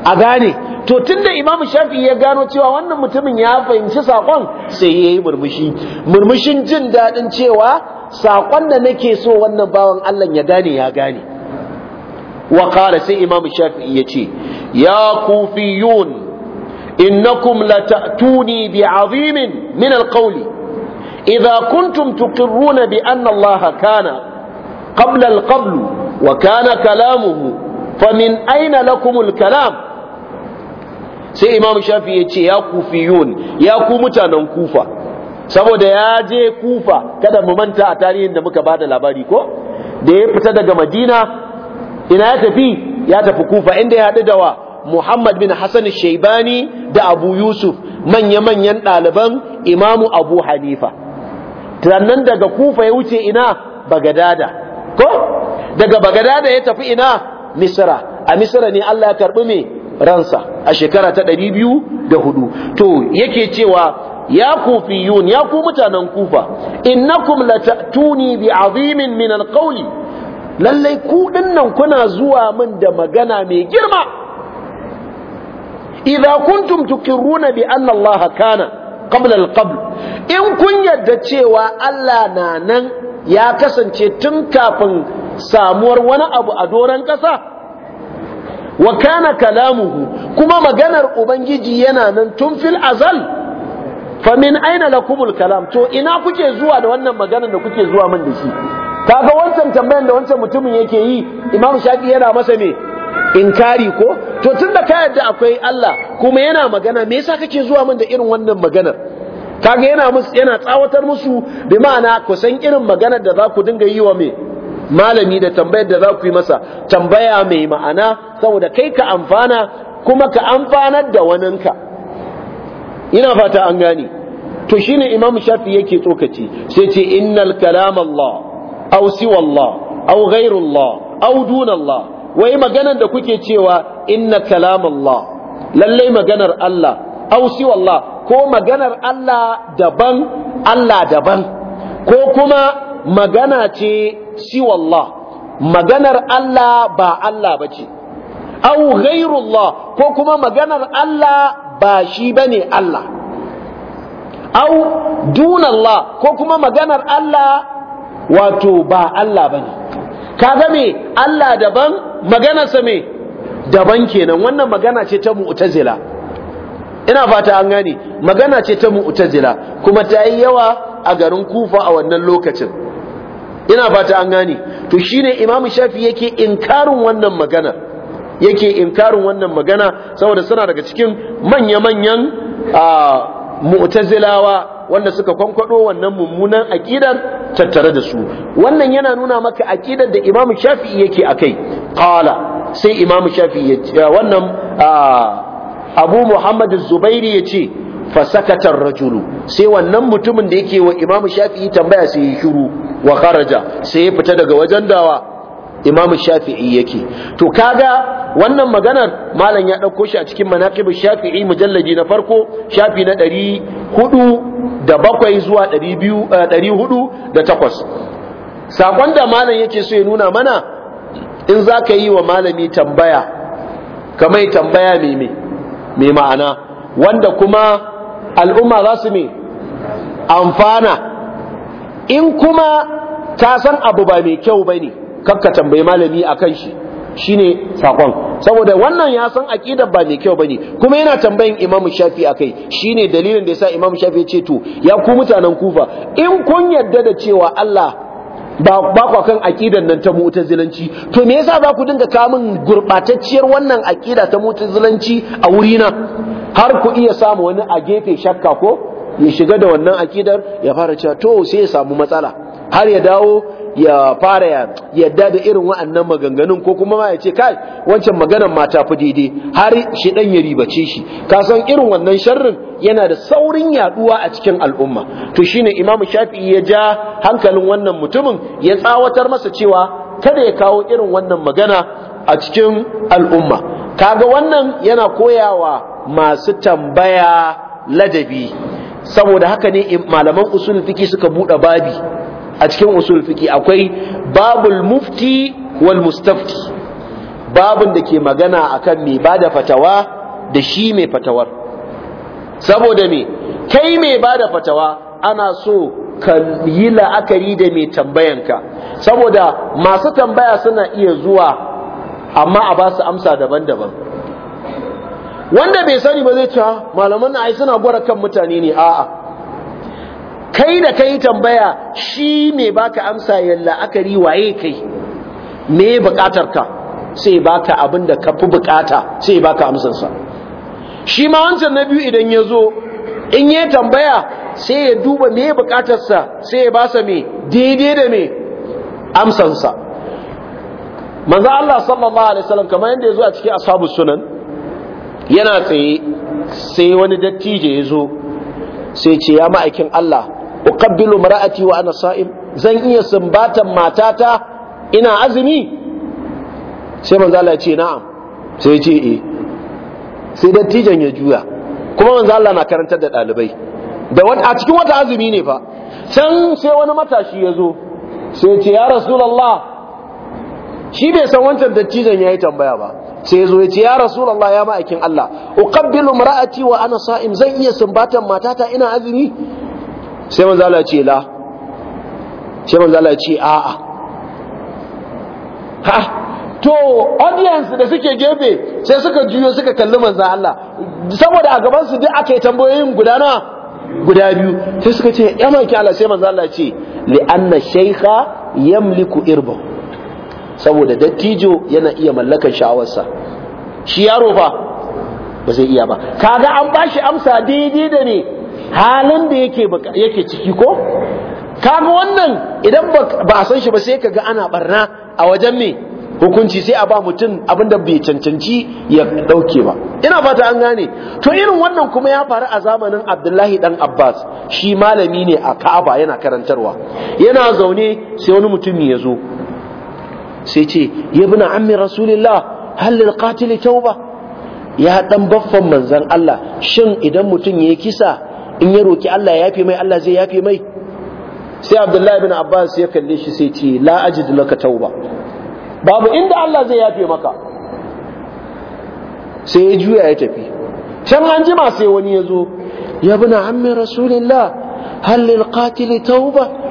Speaker 1: a gane to tunda imam shafi ya gano cewa wannan mutumin ya fahimci sakon sai ya yi murmushi murmushin jin daɗin cewa sakon da nake so wannan bawan Allah ya gane ya gane wa qala sai imam shafi ya ce ya kufiyun innakum latatuni azimin min alqawli idza kuntum tuqirruna bi anna Allah kana qabla alqabl wa kana kalamuhu min aina lakumul kalam sai Imam shafi ya ce ya kufi yun ya ku mutanen kufa saboda ya je kufa kada mu manta a tarihin da muka bada labari ko da ya fita daga madina ina ya tafi ya tafi kufa inda ya haɗu da wa muhammad bin hassan shaibani da abu yusuf manya-manyan ɗaliban imamu abu hanifa sannan daga kufa ya wuce ina bagadada ko daga bagadada ya tafi ina misra a misra ne allah ya karɓi me ransa a shekara ta ɗari biyu da hudu to yake cewa ya kufiyun ya ku mutanen kufa innakum latatuni bi azimin min alqawli lallai ku dinnan kuna zuwa min da magana mai girma idza kuntum tuqirruna bi anna Allah kana qabla alqabl in kun yadda cewa Allah na nan ya kasance tun kafin samuwar wani abu a doran kasa wa kana kalamuhu kuma maganar ubangiji yana nan tun fil azal fa min aina lakumul kalam to ina kuke zuwa da wannan maganar da kuke zuwa min da shi kaga wancan tambayan da wancan mutumin yake yi imam shafi yana masa me inkari ko to tunda ka yadda akwai Allah kuma yana magana me yasa kake zuwa min da irin wannan maganar kaga yana musu yana tsawatar musu bi ma'ana ku san irin maganar da za ku dinga yi wa me malami da tambayar da za ku yi masa tambaya mai ma'ana saboda kai ka amfana kuma ka amfanar da waninka ina fata an gane to shine imam shafi yake tsokaci sai ce innal kalam Allah aw siwa Allah aw ghairu Allah aw dun Allah wai maganar da kuke cewa inna kalam Allah lallai maganar Allah aw siwa Allah ko maganar Allah daban Allah daban ko kuma magana ce siwallah maganar Allah ba Allah ba ce au ghairullah ko kuma maganar Allah ba shi bane Allah au dunallah ko kuma maganar Allah wato ba Allah bane kaga me Allah daban maganarsa me daban kenan wannan magana ce ta mu'tazila ina fata an gane magana ce ta mu'tazila kuma ta yi yawa a garin Kufa a wannan lokacin ina fata an gane to shine imamu shafi yake inkarin wannan magana yake inkarin wannan magana saboda suna daga cikin manya-manyan mu'tazilawa wanda suka kwankwado wannan mummunan aqidar tattare da su wannan yana nuna maka aqidar da imamu shafi'i yake akai qala sai imamu shafi'i ya wannan abu muhammad zubairi ya ce ar rajulu sai wannan mutumin da yake wa imamu shafi'i tambaya sai ya shiru wa kharaja sai ya fita daga wajen dawa imam shafi'i yake to kaga wannan maganar malam ya ɗauko shi a cikin manaqib shafi'i mujallaji na farko shafi na ɗari hudu da bakwai zuwa ɗari eh, da takwas sakon da malam yake so ya nuna mana in za ka yi wa malami tambaya kamai tambaya mai mai ma'ana wanda kuma al'umma za su mai amfana in kuma ta san abu ba mai kyau ba ne kakka tambayi malami a kan shi ne sakon saboda wannan ya san aƙidar ba mai kyau ba ne, kuma yana tambayin Imam Shafi a kai, shi ne dalilin da ya sa Imam Shafi ya ce to ya ku mutanen Kufa in kun yarda da cewa Allah ba ba kan aƙidar nan ta mu'tazilanci to me yasa za ku dinga kamun gurbatacciyar wannan akida ta mu'tazilanci a wuri na har ku iya samu wani a gefe shakka ko ya shiga da wannan akidar ya fara cewa to sai ya samu matsala har ya dawo ya fara ya yadda da irin wa'annan maganganun ko kuma ma ya ce kai wancan maganan mata fi daidai har shi dan ya ribace shi ka san irin wannan sharrin yana da saurin yaduwa a cikin al'umma to shine Imam Shafi'i ya ja hankalin wannan mutumin ya tsawatar masa cewa kada ya kawo irin wannan magana a cikin al'umma kaga wannan yana koyawa masu tambaya ladabi saboda haka ne malaman usul fiki suka buɗe babi a cikin usul fiki akwai babul mufti wal mustafti babun da ke magana akan mai bada fatawa da shi mai fatawar saboda me kai mai bada fatawa ana so ka yi la'akari da mai tambayanka saboda masu tambaya suna iya zuwa amma a ba su amsa daban-daban wanda bai sani ba zai cewa malaman na ai suna gwara kan mutane ne a'a kai da kai tambaya shi mai baka amsa yalla akari waye kai me bukatar ka sai baka abin da ka fi bukata sai baka amsansa shi ma wancan na biyu idan ya zo in ya tambaya sai ya duba me bukatarsa sai ya basa me daidai da me amsansa manzo Allah sallallahu alaihi wasallam kamar yadda ya zo a cikin ashabus sunan yana tsaye sai wani dattijo ya zo sai ce ya ma'aikin Allah uqabbilu mar'ati wa ana sa'im zan iya sumbatan matata ina azumi sai manzo Allah ya ce na'am sai ya ce eh sai dattijon ya juya kuma manzo Allah na karantar da dalibai da a cikin wata azumi ne fa can sai wani matashi ya zo sai ya ce ya rasulullah shi bai san wancan dattijon yayi tambaya ba sai ya zo ya ce ya Allah ya ma'aikin Allah ukabbilu mara'ati wa ana sa'im zan iya sumbatan matata ina azumi sai manzo Allah ce la sai manzo Allah ce a'a ha to audience da suke gefe sai suka juyo suka kalli manzo Allah saboda a gaban su duk aka yi tambayoyin guda na guda biyu sai suka ce ya ma'aikin Allah sai manzo Allah ce li anna shaykha yamliku irbahu saboda dattijo yana iya mallakar sha'awarsa shi yaro fa ba zai iya ba kaga an ba shi amsa daidai da ne halin da yake yake ciki ko kaga wannan idan ba a san shi ba sai kaga ana barna a wajen me hukunci sai a ba mutum abin da bai cancanci ya dauke ba ina fata an gane to irin wannan kuma ya faru a zamanin Abdullahi dan Abbas shi malami ne a Ka'aba yana karantarwa yana zaune sai wani mutum ya zo sai ce yabna ammi rasulillah hal katili tauba ya dan baffan manzon Allah shin idan mutum yayi kisa in ya roki Allah ya yafe mai Allah zai yafe mai sai Abdullahi bin Abbas ya kalle shi sai ce la ajid laka tauba babu inda Allah zai yafe maka sai ya juya ya tafi can an jima sai wani ya zo ya bina ammi rasulillah hal katili tauba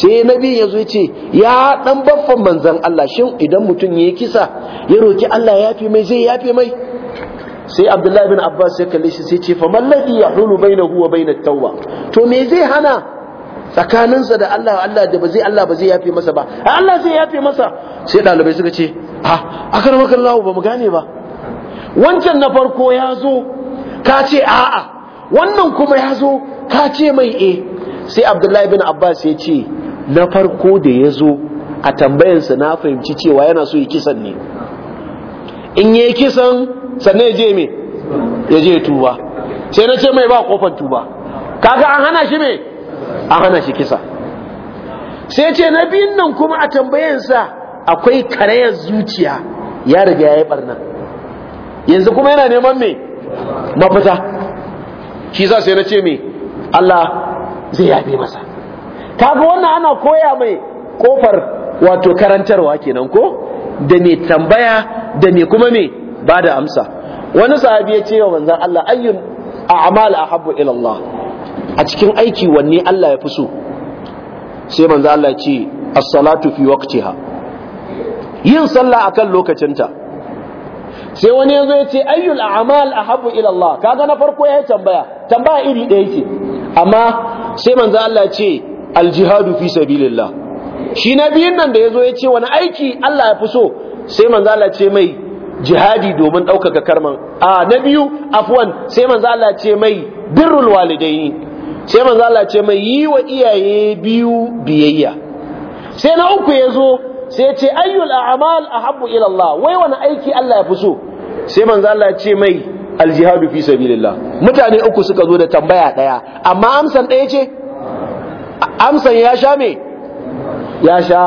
Speaker 1: sai na biyu ya ce ya dan baffan manzan Allah shin idan mutum ya yi kisa ya roki Allah ya fi mai zai ya fi mai sai Abdullahi bin Abbas ya kalle shi sai ce fa bai na huwa bai na tawwa to me zai hana tsakaninsa da Allah Allah da ba zai Allah ba zai ya fi masa ba Allah zai ya fi masa sai dalibai suka ce a ah, akarmakallahu ba mu gane ba wancan na farko ya zo ka ce a'a wannan kuma ya zo ka ce mai e sai abdullahi bin abbas ya ce na farko da ya zo a tambayansa na fahimci cewa yana so yi kisan ne in yi kisan sannan ya je me ya je tuba sai na ce mai ba kofar tuba kaga an hana shi mai an hana shi kisa sai ce na biyun nan kuma a tambayansa akwai karayar zuciya ya riga ya yi barna yanzu kuma yana neman me mafita shi za sai na ce me Allah zai yabe masa kaga wannan ana koya mai kofar wato karantarwa kenan ko da mai tambaya da mai kuma mai ba da amsa wani sahabi ya ce wa manzon Allah ayyun a'mal ahabbu ila Allah a cikin aiki wanne Allah ya fi so sai manzon Allah ya ce as-salatu fi waqtiha yin sallah akan lokacinta sai wani yazo ya ce ayyul a'mal ahabbu ila Allah kaga na farko ya tambaya tambaya iri ɗaya ce amma sai manzon Allah ya ce aljihadu fi sabilillah shi na biyun nan da yazo yace wani aiki Allah ya fi so sai manzo Allah ce mai jihadi domin ɗaukaka karman a na biyu afwan sai manzo Allah ce mai birrul walidaini sai manzo Allah ce mai yi wa iyaye biyu biyayya sai na uku yazo sai ce ayyul a'mal ahabbu ila Allah wai wani aiki Allah ya fi so sai manzo Allah ce mai aljihadu fi sabilillah mutane uku suka zo da tambaya daya amma amsan daya ce amsan ya sha me ya sha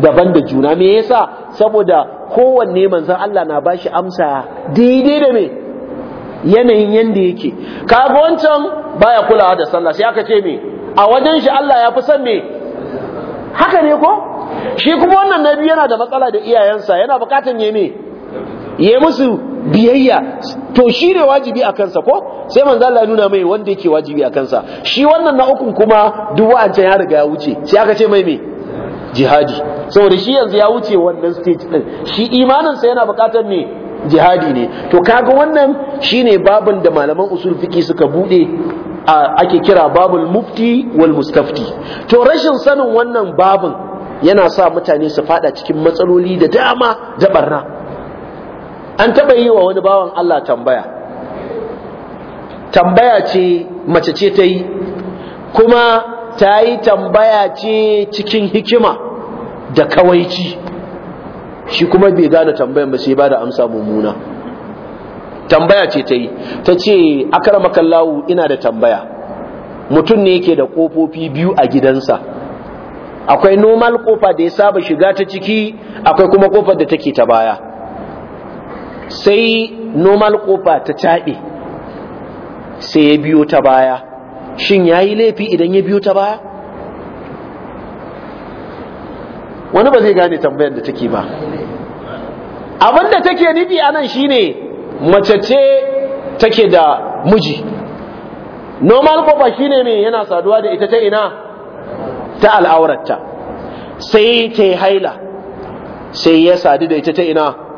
Speaker 1: daban da juna me yasa saboda kowanne manzon Allah na bashi amsa daidai da me yanayin yanda yake kaga wancan baya kulawa da sallah sai aka ce me a wajen shi Allah ya fi son me haka ne ko shi kuma wannan nabi yana da matsala da iyayensa yana bukatan yemi me ya musu biyayya to shi ne wajibi a kansa ko sai manzo Allah nuna mai wanda yake wajibi a kansa shi wannan na ukun kuma duk wa'ancan ya riga ya wuce sai aka ce mai me jihadi saboda shi yanzu ya wuce wannan stage din shi imanin sa yana bukatar ne jihadi ne to kaga wannan shine babin da malaman usul fiqi suka bude ake kira babul mufti wal mustafti to rashin sanin wannan babin yana sa mutane su fada cikin matsaloli da dama da barna an taɓa yi wa wani bawan Allah tambaya tambaya ce mace ce ta yi kuma ta yi tambaya ce cikin hikima da kawaici shi kuma bai gane tambayan ba sai ba da amsa mummuna tambaya ce ta yi ta ce akaramakallahu ina da tambaya mutum ne yake da ƙofofi biyu a gidansa akwai normal ƙofa da ya saba shiga ta ciki akwai kuma ƙofar da take ta baya sai normal kofa ta caɓe sai ya biyo ta baya shin ya yi laifi idan ya biyo ta baya wani ba zai gane tambayar da take ba abin take nufi anan shine mace ce take da miji normal kofa shine mai yana saduwa da ita ta ina ta al'auratta sai ta yi haila sai ya sadu da ita ta ina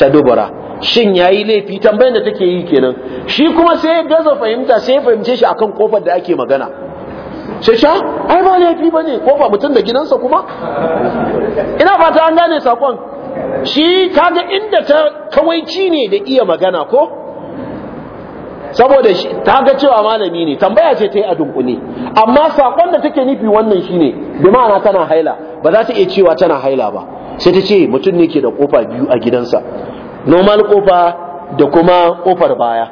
Speaker 1: ta dubura shin yayi laifi tambayar da take yi kenan shi kuma sai ya gaza fahimta sai ya fahimce shi akan kofar da ake magana sai sha ai ba laifi bane kofa mutum da gidansa kuma ina fata an gane sakon shi kaga inda ta kawaici ne da iya magana ko saboda ta ga cewa malami ne tambaya ce ta yi a dunkule amma sakon da take nufi wannan shine bi ma'ana tana haila ba za ta iya cewa tana haila ba sai ta ce mutum ne ke da kofa biyu a gidansa normal kofa da kuma kofar baya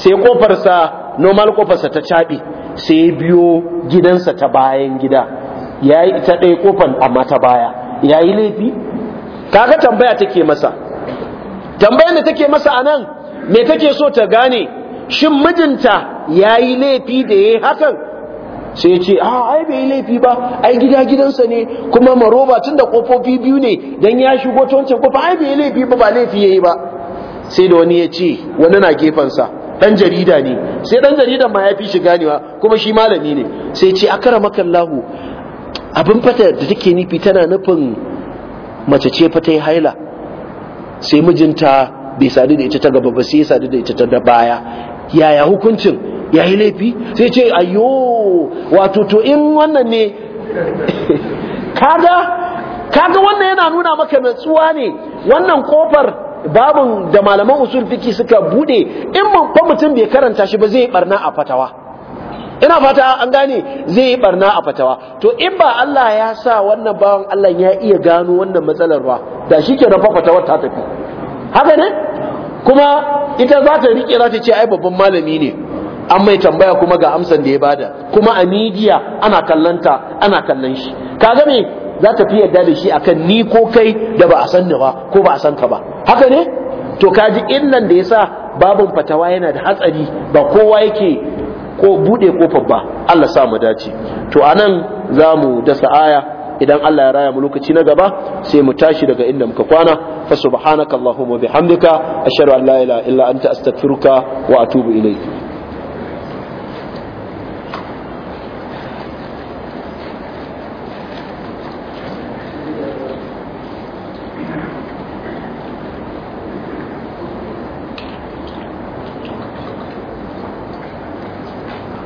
Speaker 1: sai kofarsa normal kofarsa ta caɓe sai ya biyo gidansa ta bayan gida ya yi ta ɗaya kofar amma ta baya ya yi laifi kaga tambaya take masa tambayar da take masa a nan me take so ta gane shin mijinta ya yi laifi da ya yi hakan sai ya ce a ah, ai bai yi laifi ba ai gida gidansa ne kuma maroba tun da kofofi biyu ne dan ya shigo ta kofa ai bai yi laifi ba ba laifi yayi ba sai da wani ya ce wani na sa dan jarida ne sai dan jaridan ma ya fi shiga ne ba kuma shi malami ne sai ce akara abin fata da take nufi tana nufin mace ce fa ta yi haila sai mijinta bai sadu da ita ta gaba ba sai ya sadu da ita ta baya yaya hukuncin ya yi laifi sai ce ayo wato to in wannan ne kaga kaga wannan yana nuna maka natsuwa ne wannan kofar babin da malaman usul fiki suka bude in fa mutum bai karanta shi ba zai barna a fatawa ina fata an gane zai yi barna a fatawa to in ba Allah ya sa wannan bawan Allah ya iya gano wannan matsalar ba da shi ke rafa fatawa ta tafi haka ne kuma ita za ta rike za ta ce ai babban malami ne an mai tambaya kuma ga amsan da ya bada kuma a midiya ana kallanta ana kallon shi kaga me za ta fi yarda da shi akan ni ko kai da ba a san ni ba ko ba a san ka ba haka ne to kaji illan da yasa babun fatawa yana da hatsari ba kowa yake ko bude kofar ba Allah sa mu dace to anan za mu dasa aya idan Allah ya raya mu lokaci na gaba sai mu tashi daga inda muka kwana fa subhanakallahumma bi bihamdika ashhadu an la ilaha illa anta astaghfiruka wa atubu ilayk